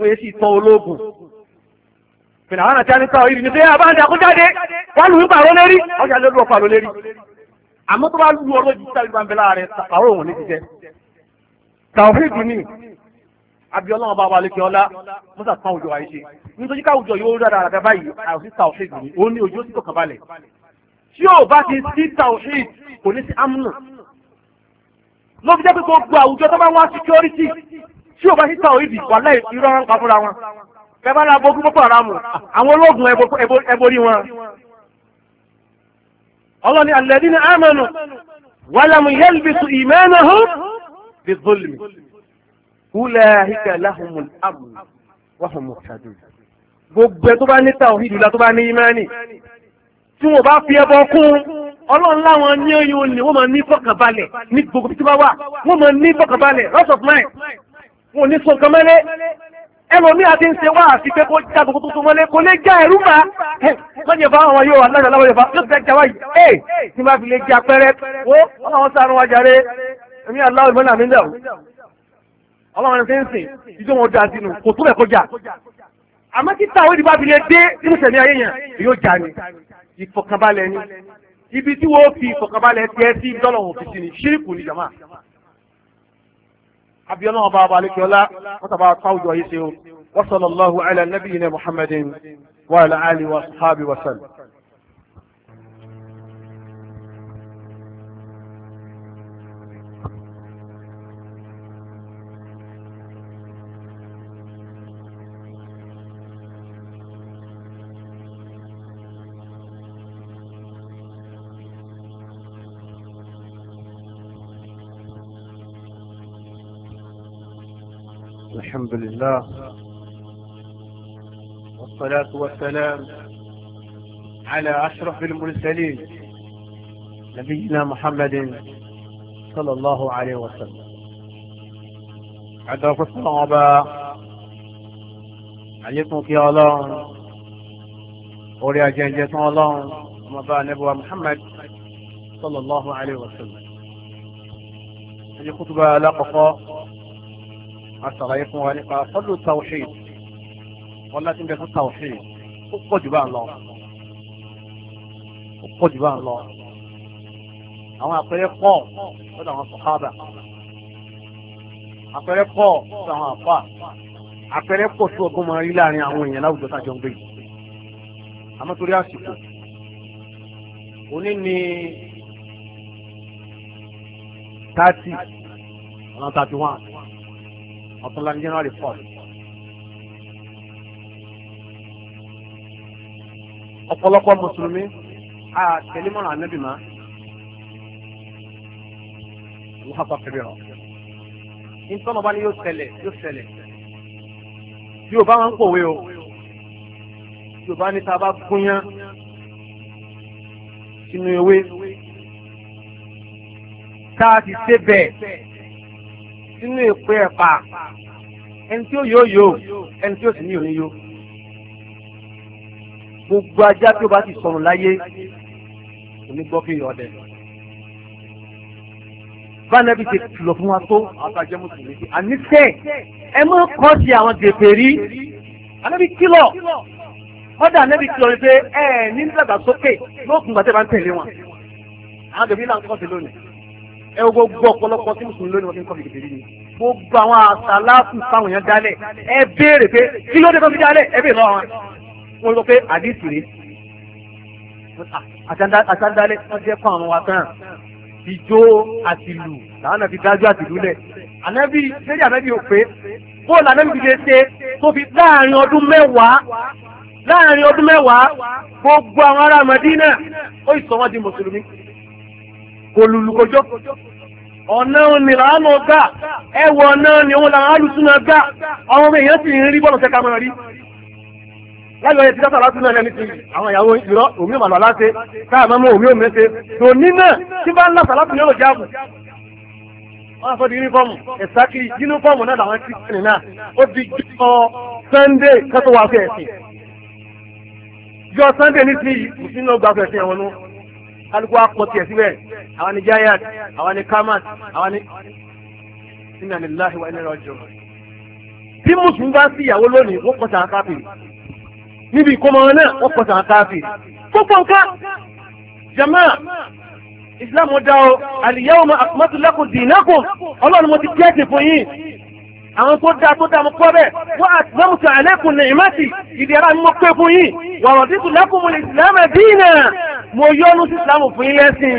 wọ́n yé sí tán ológun pẹ̀lú àwọn àti àníkà òyìnbí ni pé àbáńdà kó jáde wọ́n lù ú pàrọ̀ lérí ọjà lórí ọ̀pá ló lérí àmọ́ tó bá lu ọlọ́jì sáré gbàǹbẹ̀ láàrẹ̀ pàrọ̀ òun ní ti jẹ́ tàwọ́fíìdì ni abiola ọba wa lẹkẹ ọlá musa kan òjò àìṣe nítorí káwùjọ yóò rárá àràdá báyìí àròsí tàwọ́fíìdì ni òun ní ojú ó sì balẹ̀ tí yóò bá ti sí tàwọ́fíìdì kò ní sí amúnà ló jẹ́ pé gbogbo àwùjọ tó bá wá security tí o bá ti tàwọn ìdì wà láì irọ́ wọn pa fúnra wọn bẹ́ẹ̀ la bọ́ púpọ̀ ara mu àwọn ológun ẹborí wọn. ọlọ́ni alladhina amanu walam yalbisu imanahum bizulmi ulaika lahumul amn wa hum muhtadun. gbogbo ẹ tó bá ní tàwọn ìdìlá tó bá ní ìmánì tí wọn bá fi ẹbọ kún ọlọ́run láwọn ní oyún ni wọ́n máa ní fọkànbalẹ̀ ní gbogbo tí wọ́n wà wọ́n máa ní fọkànbalẹ̀ loss of mind wọn ò ní so nǹkan mẹ́lẹ́ ẹlòmí àti ń ṣe wá àti pé kó já gbogbo tuntun mọ́lé kò lè já ẹ̀rú mà lọ́jọ́ ìfà àwọn yóò alájọ aláwọ̀ yóò fà yóò fẹ́ já wáyé ẹ̀ tí máa fi lè já pẹ́rẹ́ wo ọlọ́run sáré wájà rẹ èmi aláwọ̀ ìmọ̀lá mi lẹ́wọ̀ ọlọ́run ti ń sìn ìjọ wọn dá sínú kò tó ẹ̀kọ́ já àmọ́ tí táwọn ìdìbò àbílẹ̀ dé nínú sẹ̀mí ayé yẹn yóò já ni ìfọ̀kànbalẹ̀ ni ibi tí wọ́n fi ìfọ̀kànbalẹ̀ tiẹ̀ sí dọ́lọ̀ òfìsì ni ṣíríkù ni jàmáà abiyọ́nà ọba ọba alẹ́kẹ́ọ́lá wọ́n tàbá táwùjọ yìí ṣe o wa sallallahu ala nabiyina muhammadin wa ala alihi wa sahabi wa sallam. الحمد لله والصلاة والسلام على أشرف المرسلين نبينا محمد صلى الله عليه وسلم àdọ́kọ́ sọ́nà ọba àlékún kí ọlọ́run orí ajẹ́jẹ́ tán ọlọ́run ọmọba anábíwá Muhammad sallallahu alayhi wa sallam ẹni kútùbà alákọ̀ọ́kọ́ àṣàlàyé fún wa nípa fọ́dún tawhid wọn láti ń bẹ fún tawhid ó pọ̀ jù bá ń lọ ó pọ̀ jù bá ń lọ àwọn àpẹẹrẹ pọ̀ lọ́dọ̀ àwọn sọ̀hábà àpẹẹrẹ pọ̀ lọ́dọ̀ àwọn àfà àpẹẹrẹ pọ̀ tó ọgbọ́n máa rí láàrin àwọn èèyàn láwùjọ tájọ ń gbé yìí àmọ́ torí àsìkò òní ni thirty ọ̀nà thirty one ọ̀túnla ní January fourth. ọ̀pọ̀lọpọ̀ mùsùlùmí a tẹ̀lé mọ́ràn ànábì má wọ́n bá fẹ́rẹ̀ rọ̀. nítorí wọn ni yóò ṣẹlẹ̀ yóò ṣẹlẹ̀ yóò bá wọn kòwé o yóò bá ní tá sínú èpè ẹ̀pà ẹni tí ó yóò yó ẹni tí ó sì ní òní yó gbogbo ajá tí ó bá ti sọnù láyé òní gbọ́ kí ọdẹ bánẹ́bí ti kìlọ̀ fún wa tó àtàjẹ́ mùsùlùmí sí àní tẹ́ ẹ mọ́ kọ́ sí àwọn gèpè rí ànẹ́bí kìlọ̀ kọ́dà ànẹ́bí kìlọ̀ rí pé ẹ ní dàgbàsókè lóògùn gbàtẹ́ bá ń tẹ̀lé wọn àwọn gèpè náà ń kọ́ sí lónìí ẹ gbogbo ọ̀pọ̀lọpọ̀ tí mùsùlùmí lónìí wọ́n ti ń kọ́ mi kékeré ni gbogbo àwọn àṣàlátù táwọn èèyàn dálẹ̀ ẹ béèrè pé kí ló dé tó fi dálẹ̀ ẹ béèrè lọ́wọ́ wọn wọ́n sọ pé àdìsí rèé àtàndálẹ̀ wọ́n jẹ́ fún àwọn wa tán ìjó àtìlù làwọn àti dájú àtìlù lẹ̀ ànábì lẹ́yìn ànábì ò pé bóòlù ànábì fi lè ṣe tó fi láàrin ọdún mẹ́wàá láàrin ọdún mẹ́wàá gbogbo àwọn ará Madina ó ìsọ wọn di mùsùlùmí kò lùlù kòjó ọ̀nà ni ránà gbà ẹwọ ọ̀nà ni òun làwọn alùsùnà gbà àwọn ọmọ èèyàn sì ń rí bọ́ọ̀lù sẹ́ka máa rí láyọ̀ ẹ̀ ti dáta láti náà lẹ́ni ti àwọn ìyàwó ìrọ́ òmí màlúwà láti káà máa mú òmí òmí ṣe tò ní náà tí bá ń lásà láti ní òjá àbù wọ́n fọ́ di yúnífọ́ọ̀mù ẹ̀sákì yúnífọ́ọ̀mù náà làwọn ti sìn náà ó di jọ Sunday kẹ́tọ́ wá sí ẹ̀sìn jọ Sunday ní ti ìsìn náà gbàgbẹ̀sìn ẹ̀wọ̀n náà kálukú wa pọ̀ tiẹ̀ síbẹ̀ àwọn ni giant àwọn ni kamat àwọn ni inna lillahi wa inna ilaihi raji'un. tí mùsùlùmí bá sí ìyàwó lónìí wọ́n kọ̀ sàn káfì níbi ìkómọ náà wọ́n kọ̀ sàn káfì. gbogbo nǹkan jama islam dá o al yawma akmaltu lakum dinakum ọlọ́run mo ti kẹ́ẹ̀tì fún yín àwọn tó dáa tó dáa mo kọ́ bẹ́ẹ̀ wọ́n àtúbọ̀mùsọ àlékún ní ìmọ̀tì ìdẹ̀ra mi mo pé fún yín wọ̀rọ̀ dídù lẹ́kùn mo lè ìsìlámù dínà mo yọ́nú sí ìsìlámù fún yín lẹ́sìn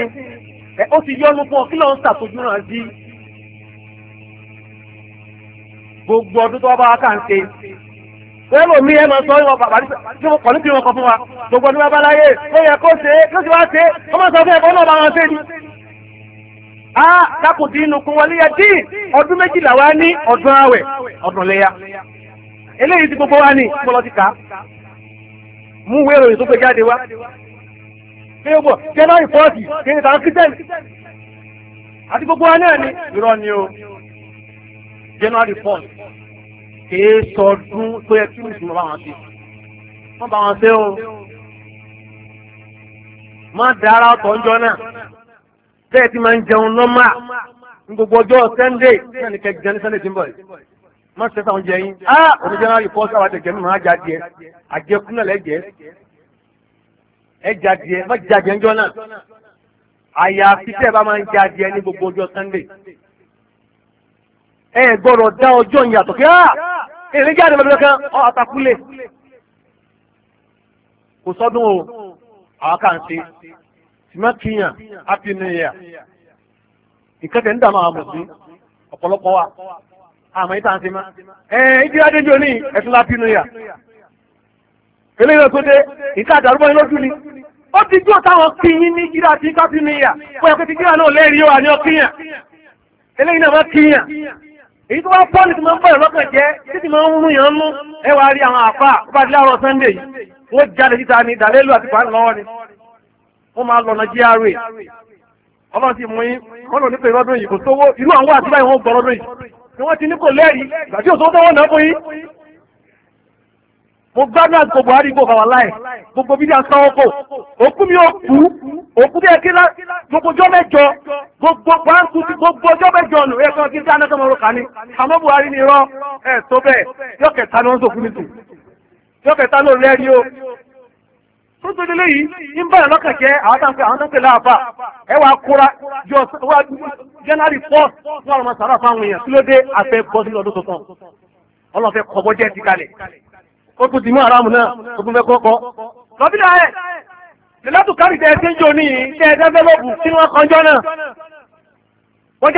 ẹ ó ti yọ́nú fún ọ kí ló ń ṣàfojú náà sí. gbogbo ọdún tó bá wá kà ń ṣe wọ́n lò mí ẹ máa sọ ìwọ̀n bàbá tí mo kọ̀ níbi wọn kọ fún wa gbogbo ọdún bá bá láyé ó yẹ kó ṣe é ló ti wá ṣe é ó máa sọ fún ẹ̀kọ́ Ah, dákùn tí inú kun wọlé yẹ dín ọdún méjìlá wa ní ọdún àwẹ̀ ọdún léya eléyìí tí gbogbo wa ní bọ́lọ́ ti kà á mú ìwé ìròyìn tó gbé jáde wá ṣé o bọ̀ January forty kí ni tàwọn Christian àti gbogbo wa náà ní irọ́ ni o January fourth kìí sọdún tó yẹ kí mùsùlùmí bá wọn ṣe wọ́n bá wọn ṣe o má dára ọ̀tọ̀ ń jọ náà tẹ́ẹ̀ ti máa ń jẹun lọ́mà ní gbogbo ọjọ́ sunday náà ní kẹ́ ní sunday tí ń bọ̀ yìí má ṣe sáwọn jẹ yín á ah! òní jẹ́ náà rìpọ́tì àwọn àtẹ̀jẹ́ mi máa jà díẹ̀ àjẹkú náà lẹ́jẹ̀ ẹ jà má jà díẹ̀ ńjọ́ náà àyàfi tẹ́ẹ̀ bá máa ń jà díẹ̀ ní gbogbo ọjọ́ sunday ẹ gbọ́dọ̀ dá ọjọ́ ìyàtọ̀ kí á ah! èrè jáde lọ́dọ̀ kan ọ́ àtàkùlé kò sọ́dún o àwọn kà ń ṣe simakiya apiniya nǹkan tẹ̀ ń dàmú àwọn mùsùlùmí ọ̀pọ̀lọpọ̀ wa àmọ́ ìta àti ma ẹ̀ẹ́n ìdí adéjọ́ ní ẹ̀sùn lápiniya eléyìí tó dé ìta àdàrúbọ̀ yín lójú ni ó ti jó táwọn kíyín ní jíra tí kápiniya pé ẹ̀kọ́ ti jíra náà lẹ́rìí wà ní ọkíyàn eléyìí náà má kíyàn èyí tó wá pọ́ ní ti máa ń bọ̀rọ̀ lọ́kàn jẹ́ tí ti máa ń rún yàn ń mú ẹ wá rí àwọn àfà ó bá di láàárọ̀ Sunday yìí wọ́n jáde síta ní ìdálélù àti pàánù lọ́wọ́ ni wọ́n máa lọ na GRA ọlọ́run ti mú kọ́nà nípa ìrọ́dún yìí kò sówó irú àwọn àti báyìí wọ́n gbọ́ yìí ni wọ́n ti ní kò lẹ́yìn ìgbà tí òṣòwò tó wọ́n náà fún mo gbádùn Buhari gbogbo àwọn aláì gbogbo ọkọ òkú mi ò kú òkú gbogbo ọjọ́ mẹ́jọ gbogbo gbogbo ọjọ́ mẹ́jọ kí n sọmọ ni àmọ́ tó tó yìí ń báyìí lọ́kàn jẹ́ àwọn táǹkì láàbà ẹ wàá kóra jọ wá january fourth fún fáwọn èèyàn kí ló dé afẹ́ bọ́ sí tuntun ọlọ́fẹ́ kọ́bọ́ jẹ́ ti kalẹ̀ ó tún ti mú aráàmù náà ó tún ẹ ti ń jò ní wọ́n kọjọ́ náà wọ́n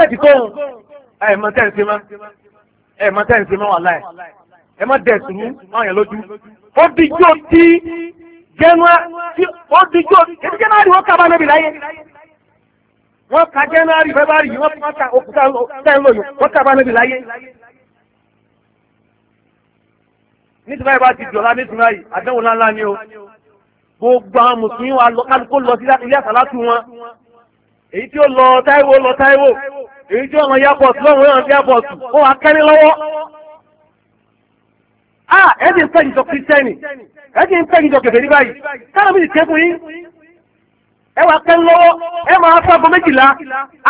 jẹ́ ti ẹ̀ jẹ́nuá tí ó díjọ́ ètí jẹ́nuárì wọ́n ká bá níbi láyé wọ́n ká jẹ́nuárì fẹ́bárì yìí wọ́n ká òkúta tẹ́lóyún wọ́n ká bá níbi láyé nítorí báyìí bá ti jọ̀lá nítorí báyìí àdánwò ńláńlá ni o gbogbo àwọn mùsùlùmí wa kálukó lọ sí ilé àsálátù wọn èyí tí ó lọ táíwò lọ táíwò èyí tí ó lọ yábọ̀tù lọ́wọ́ yàn yábọ̀tù ó wà kẹ́rin lọ́wọ́ ah ẹ̀dì ń pẹ́jìjọ kìrìsìtẹ́nì ẹ̀dì ń pẹ́jìjọ kẹfẹ́ ní báyìí káàmì ti kẹ́kùn yín ẹwà kẹ́ lọ́wọ́ ẹ máa fún aago méjìlá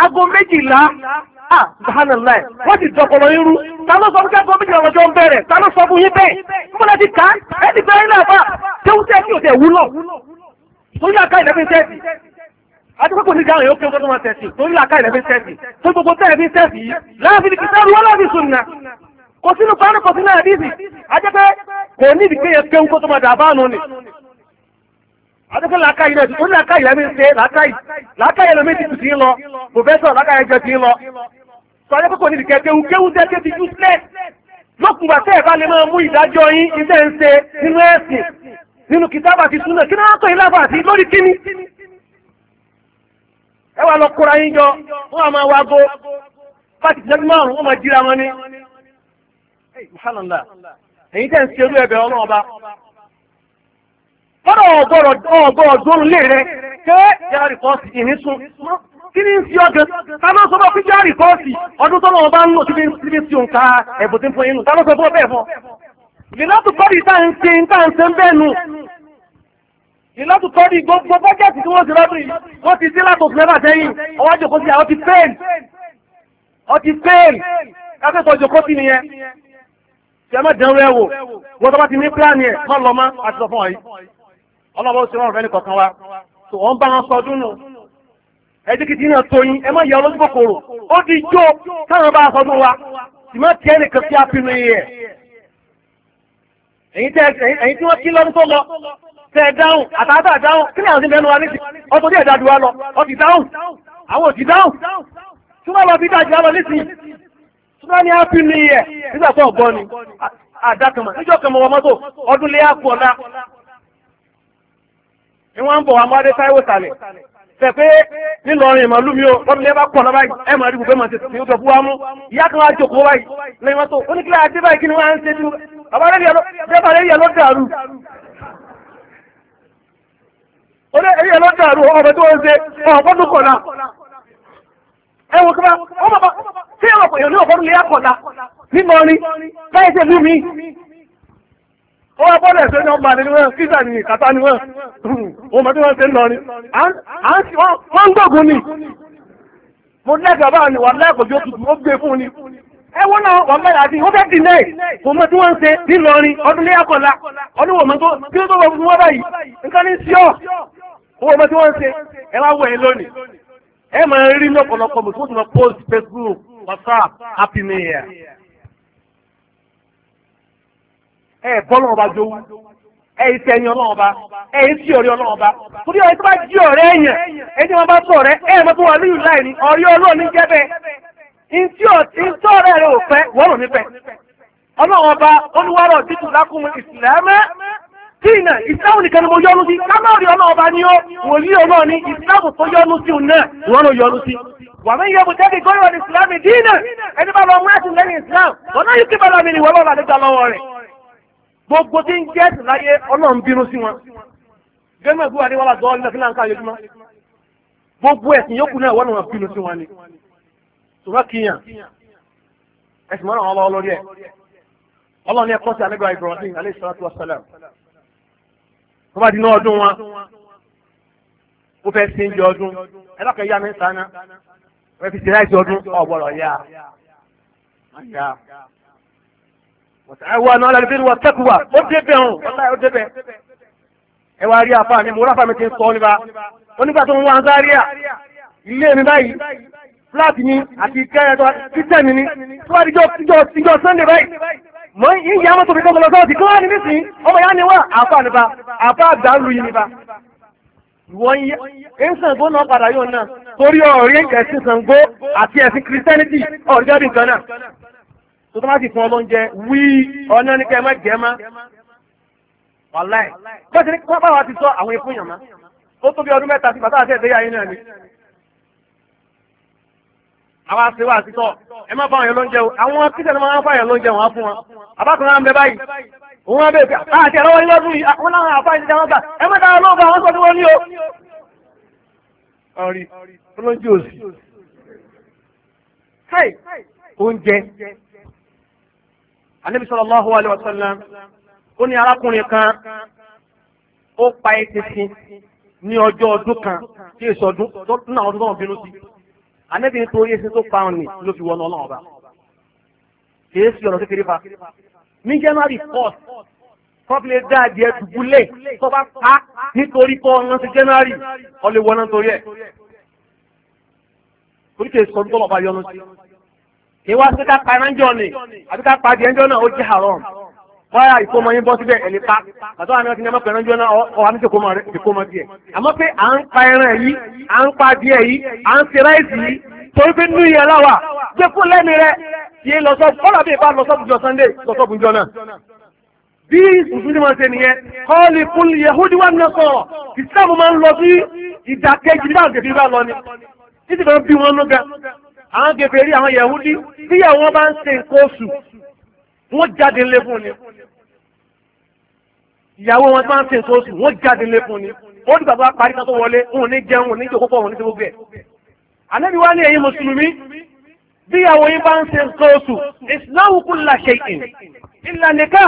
aago méjìlá ah subhanallah wọ́n ti dọ̀kọ̀lọ̀ irú ta ló sọ fún káàgó méjìlá ọjọ́ ń bẹ̀rẹ̀ ta ló sọ fún yín bẹ́ẹ̀ níbo la ti kà á ẹ̀dì bẹ́ẹ̀ náà bá tẹ́wúsẹ́ ní òde ìwúlọ̀ torí àká ìlẹ́fín tẹ́ẹ̀sì àti pé kò ní dáhùn yóò kí ó tó máa tẹ̀sì torí àká ìlẹ́fín tẹ́ẹ̀sì tó gbogbo tẹ́ẹ̀fín tẹ́ẹ̀sì yìí láàfin kìtàrú wọn láàfin sunna kò sínú parí kò sínú àdíìsì ajẹ́pẹ́ kò ní ìdíkẹ́ yẹn kéwú kó tó máa dàbánu ni adékò làákàyè rẹ̀ ó ní làákàyè rẹ̀ mi ń ṣe làákàyè làákàyè rẹ̀ mi ti tù sí ń lọ pòfẹ́sọ̀ làákàyè jẹ́ ti ń lọ sọ ajẹ́pẹ́ kò ní ìdíkẹ́ kéwú kéwú jẹ́ kébi useless lókùngbà tẹ́ ẹ̀ bá lè máa mú ìdájọ́ yín iṣẹ́ ń ṣe nínú ẹ̀sìn nínú kìtàbà ti súnà kí náà tó ilé àbá àti lórí kíní ẹ wà lọ kóra yín jọ wọn àmà wa go fásitì jẹ́ márùn-ún wọn máa jíra wọn ni subhanallah èyí tẹ́ ń serú ẹ̀bẹ̀ ọlọ́run ọba kọ́dọ̀ ọ̀gọ́rọ̀ ọ̀gọ́rọ̀ rẹ pé jáàrì kọ́ọ̀sì ìnísùn kí ni ń fi ọgàn ta ló sọ kọ́ọ̀sì ọdún ọba ń lò síbi síbi òǹkà ẹ̀bùn fún yín nù ta ló ìlọ́tù kọ́dì tá ń ń tá ìlọ́tù kọ́dì gbogbo bọ́jẹ̀tì tí wọ́n ti rọ́bì wọ́n ti sí látò sẹ́yìn ti kí ẹ má dánwó ẹ wò wọ́n tó bá ti ní pílánì ẹ̀ má lọ má àti sọ fún wa yìí ọlọ́wọ́ ó ṣe wọ́n rẹ̀ nìkọ̀kan wa tó wọ́n bá wọn sọdún nù ẹ jẹ́ kí tí náà tóyin ẹ má yà ọlọ́dún kòkòrò ó di jó táwọn bá sọdún wa sì má tiẹ́ nìkan sí apinu yìí ẹ̀ èyí tí wọ́n kí lọ́dún tó lọ tẹ dáhùn àtàtà dáhùn kí ni àwọn ìbẹ̀nu wa nísì ọtọ́ díẹ̀ dáadùn wa lọ ọ ti dáhùn àwọn ò ti dáhùn tí wọ́n lọ bí dájú wa lọ nísì Súnáni Happy New Year nígbà tó ọ̀gbọ́n ni àdákanmọ̀ níjọ́ kan mọ̀ wọ mọ́tò ọdún lé àpò ọ̀la. Ni wọ́n ń bọ̀ wá Mọ́dé Táíwò sàlẹ̀. Fẹ̀ pé nílọrin ìmọ̀ lúmi o, lọ́dún lé bá pọ̀ lọ́ba yìí, ẹ̀ máa rí gbogbo ẹ̀mọ̀ tètè ó dọ̀bú wa mú. Ìyá kan báyìí lẹ́yìn ẹwọ kí wọ́n bàbá tí ẹwọ pẹ̀lú ní ọ̀fọ́dún lè yàkọ̀dá mímọ́ ni láyé tẹ̀ lú mi. ó wá bọ́ọ̀lù ẹ̀sẹ̀ ní ọgbà ni wọ́n kíjà ní ìkàtà ni wọ́n ó mọ̀ tí wọ́n ṣe ń lọ ni. wọ́n ń gbógun ni. mo lẹ́gbẹ̀ẹ́ bá ní wà lẹ́kọ̀ọ́ ó gbé fún ni. ẹwọ́n náà wà mẹ́rin àti ó fẹ́ dì náà kò mọ̀ tí wọ́n ṣe nílọrin ọdún lé àkọ́lá ọdún wò mọ́ tó kí ló tó wọ fún wọn báyìí nǹkan ní sí ọ̀ owó mọ́ tí wọ́n ṣe ẹ wá wọ ẹ lónìí ẹ máa rí ní ọ̀pọ̀lọpọ̀ mi fún ìtumọ̀ post facebook whatsapp happy new year. ẹ bọ́lọ̀ ọba jó ẹ yìí tẹ̀yìn ọlọ́run ọba ẹ yìí tí ọ̀rẹ́ ọlọ́run ọba torí ọ̀rẹ́ tó bá jí ọ̀rẹ́ ọ̀rẹ́ ẹ̀ mọ́ tó wà ọba ó ní títù lákùnrin dínà ìsìláàmù nìkan ni mo yọ́nú sí lámàrí ọmọ ọba ni ó wòlí ọmọ ní ìsìláàmù tó yọ́nú sí òun náà wọ́n ló yọ́nú sí wà mí yẹ́bù tẹ́kì gọ́rọ̀ ní ìsìláàmù dínà ẹni bá lọ mú ẹ̀sìn lẹ́yìn ìsìláàmù wọn náà yóò kí bàbá mi ní wọ́n lọ́la nígbà lọ́wọ́ rẹ̀ gbogbo tí ń jẹ́ ẹ̀sìn láyé ọlọ́run bínú sí wọn gẹ́gbẹ́ gbúwa ní wàlá ni ṣùgbọ́n kìyàn ẹ̀sìn mọ́ràn ẹ̀kọ́ sí alẹ́gbẹ̀rẹ̀ Ibrahim alayhi salatu wa salam tó bá di ní ọdún wọn ó fẹ́ sí ní ọdún ẹlọ́kẹ́ yá mi ń sáná wọ́n fi ṣẹlẹ̀ ìṣe ọdún ọ̀gbọ̀rọ̀ yá yá wọ́n wá náà lálẹ́ bí wọ́n tẹ́kù wá ó débẹ̀ ọ̀hún ọ̀tá ó débẹ̀ ẹ wá rí àfa mi mo ráfa mi ti ń sọ nípa onígbà tó ń wá Zaria ilé mi báyìí fúláàtì mi àti kẹrẹ tó títẹ̀ mi ni tó bá dijọ́ Sunday báyìí mọ́ yíyí àwọn tóbi kọ́kọ́ lọ́sọ́ ti kíláà ní nísìn ọmọ ìyá ni wá àfa nípa àfa àgbàlù yìí nípa. ìwọ́n yí ẹ̀sìnkó náà padà yóò náà torí ọ̀rí ẹ̀sìn Ṣàngó àti ẹ̀sìn kìrìsìtẹ́nìtì ọ̀rí jẹ́bi nǹkan náà. tó tó má sì fún ọlọ́njẹ wí ọ̀nà ní kẹ́mẹ́ gẹ́má. wàláì bọ́sẹ̀ ní pápá wa ti sọ àwọn ikú yàn má. ó tó bí ọdún mẹ́ta sí bàtà àti ẹ̀dẹ́yà yín náà ni àwa ṣe wá ẹ má fáwọn yẹn àwọn kíṣẹ́ máa ń fáwọn ló ń fún wọn abákùnrin àmì báyìí òun wọn ah, àti ẹ̀rọ wọlé lọ́dún yìí wọn láwọn àfáà gbà ẹ ní ọjọ́ ọdún kan tí èso náà ọdún tó bínú sí ànábì ń torí ẹsẹ̀ tó pa òun ni ló fi wọnú ọlọ́run ọba kìí sí ọ̀nà kékeré fa ní january fourth kọ́pìlẹ̀ dáàdì ẹ̀ dùbúlẹ̀ tó bá pa nítorí kọ́ ọ̀nà sí january ọlẹ́ wọná torí ẹ̀ torí kìí sọ ọdún tó lọ́ba yọnu sí kìí wá sí ká pa ẹ̀ránjọ́ ni àbí ká pa adìẹ́njọ́ náà ó jẹ́ haram wọ́n yà ìkómọ yín bọ́ síbẹ̀ ẹ̀lẹ́ pa àtọ́wà ní wọ́n ti ní ọmọkùnrin ránjọ́ náà ọwọ́ àmì ìkómọ rẹ̀ ìkómọ díẹ̀ àmọ́ pé à ń pa ẹran yìí à ń pa díẹ̀ yìí à ń ṣe ráìsì yìí torí pé nú ìyẹn láwà gbé fún lẹ́nu rẹ̀ yé lọ́sọ́ọ̀bù kọ́lá bí ìbá lọ́sọ́ọ̀bù jọ Sunday lọ́sọ́ọ̀bù jọ náà bí ìsúnjú máa ṣe nìyẹn kọ́ọ̀lì fún yehudi wà náà sọ̀rọ̀ Islam máa ń lọ sí ìdàkejì nígbà tẹ̀sí bá lọ ni títí kan bí wọ́n jáde ńlé fún ni ìyàwó wọn tí wọ́n ń sin sóòsù wọ́n jáde ńlé fún ni ó dìgbà bá parí kan tó wọlé òun ní jẹun òun ní jòkó pọ̀ òun ní sẹ́gbẹ́ ànábi wá ní ẹ̀yin mùsùlùmí bí ìyàwó yín bá ń sin sóòsù ìsìláwù kún la ṣe ìkìn ìlànà ká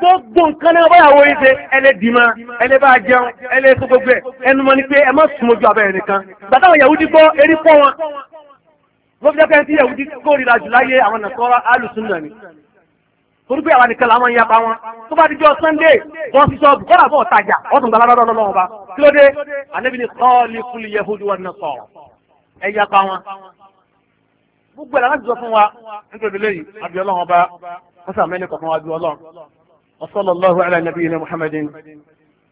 gbogbo nǹkan náà báyàwó yín ṣe ẹlẹ́ dìímà ẹlẹ́ bá jẹun ẹlẹ́ tó gbogbo ẹ̀ ẹnu mọ́ ni pé ẹ má sùn mọ́jú abẹ́rẹ́ nìkan gbàtàwọn Yahudi gbọ́ erí fọ́ wọn lọ́fíjọ́ pé ẹni tí Yahudi kórìíra jù láyé àwọn nàkọ́rọ́ alùsùn náà ni torí pé àwa nìkan làwọn ń yapa wọn tó bá dijọ́ sunday wọn ti sọ kọ́dà fún ọ̀tajà wọ́n tún gba alára lọ́dọ̀ lọ́wọ́ ba kí ló dé ànábi ni kọ́ọ̀lì kúlì yẹhudi wọn nà sọ̀rọ̀ ẹ yapa wọn. gbogbo ẹ̀ láti sọ fún wa nítorí lẹ́yìn àbí ọlọ́run ọba wọ́n sàmì kọ̀ọ̀kan wa bí ọlọ́run wa sallallahu ala nabiyina muhammadin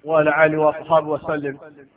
wa ala alihi wa sahabi wa sallim